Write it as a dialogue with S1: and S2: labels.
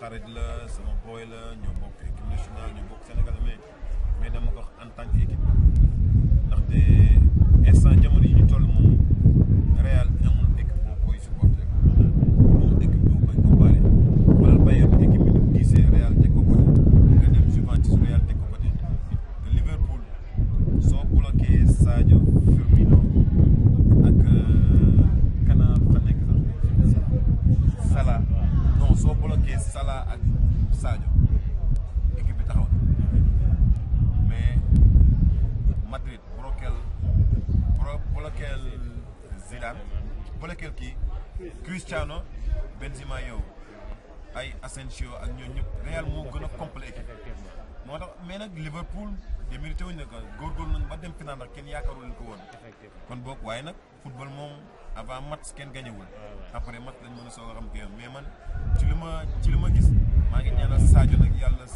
S1: xarit la sama booy la ñoo bokk équipe nationale ñoo bokk Sénégal soo bloqué Salah ak Sadio équipe bi taxaw mais Madrid bloqueel bloqueel Zidane bloqueel kii Cristiano Benzema yow ay Asensio ak ñooñu ñëpp Real moo gën a complet équipe moo tax mais nag Liverpool de mérité wuñ ne ko góorgóorlu nañ ba kenn yaakaarul ko woon kon boog waaye nag football moom. avant mat kenn gañewul ah après mat lañ mën a soog a xam mais man ci li ma ci li ma gis maa ngi ñaanal Sadio nag yàlla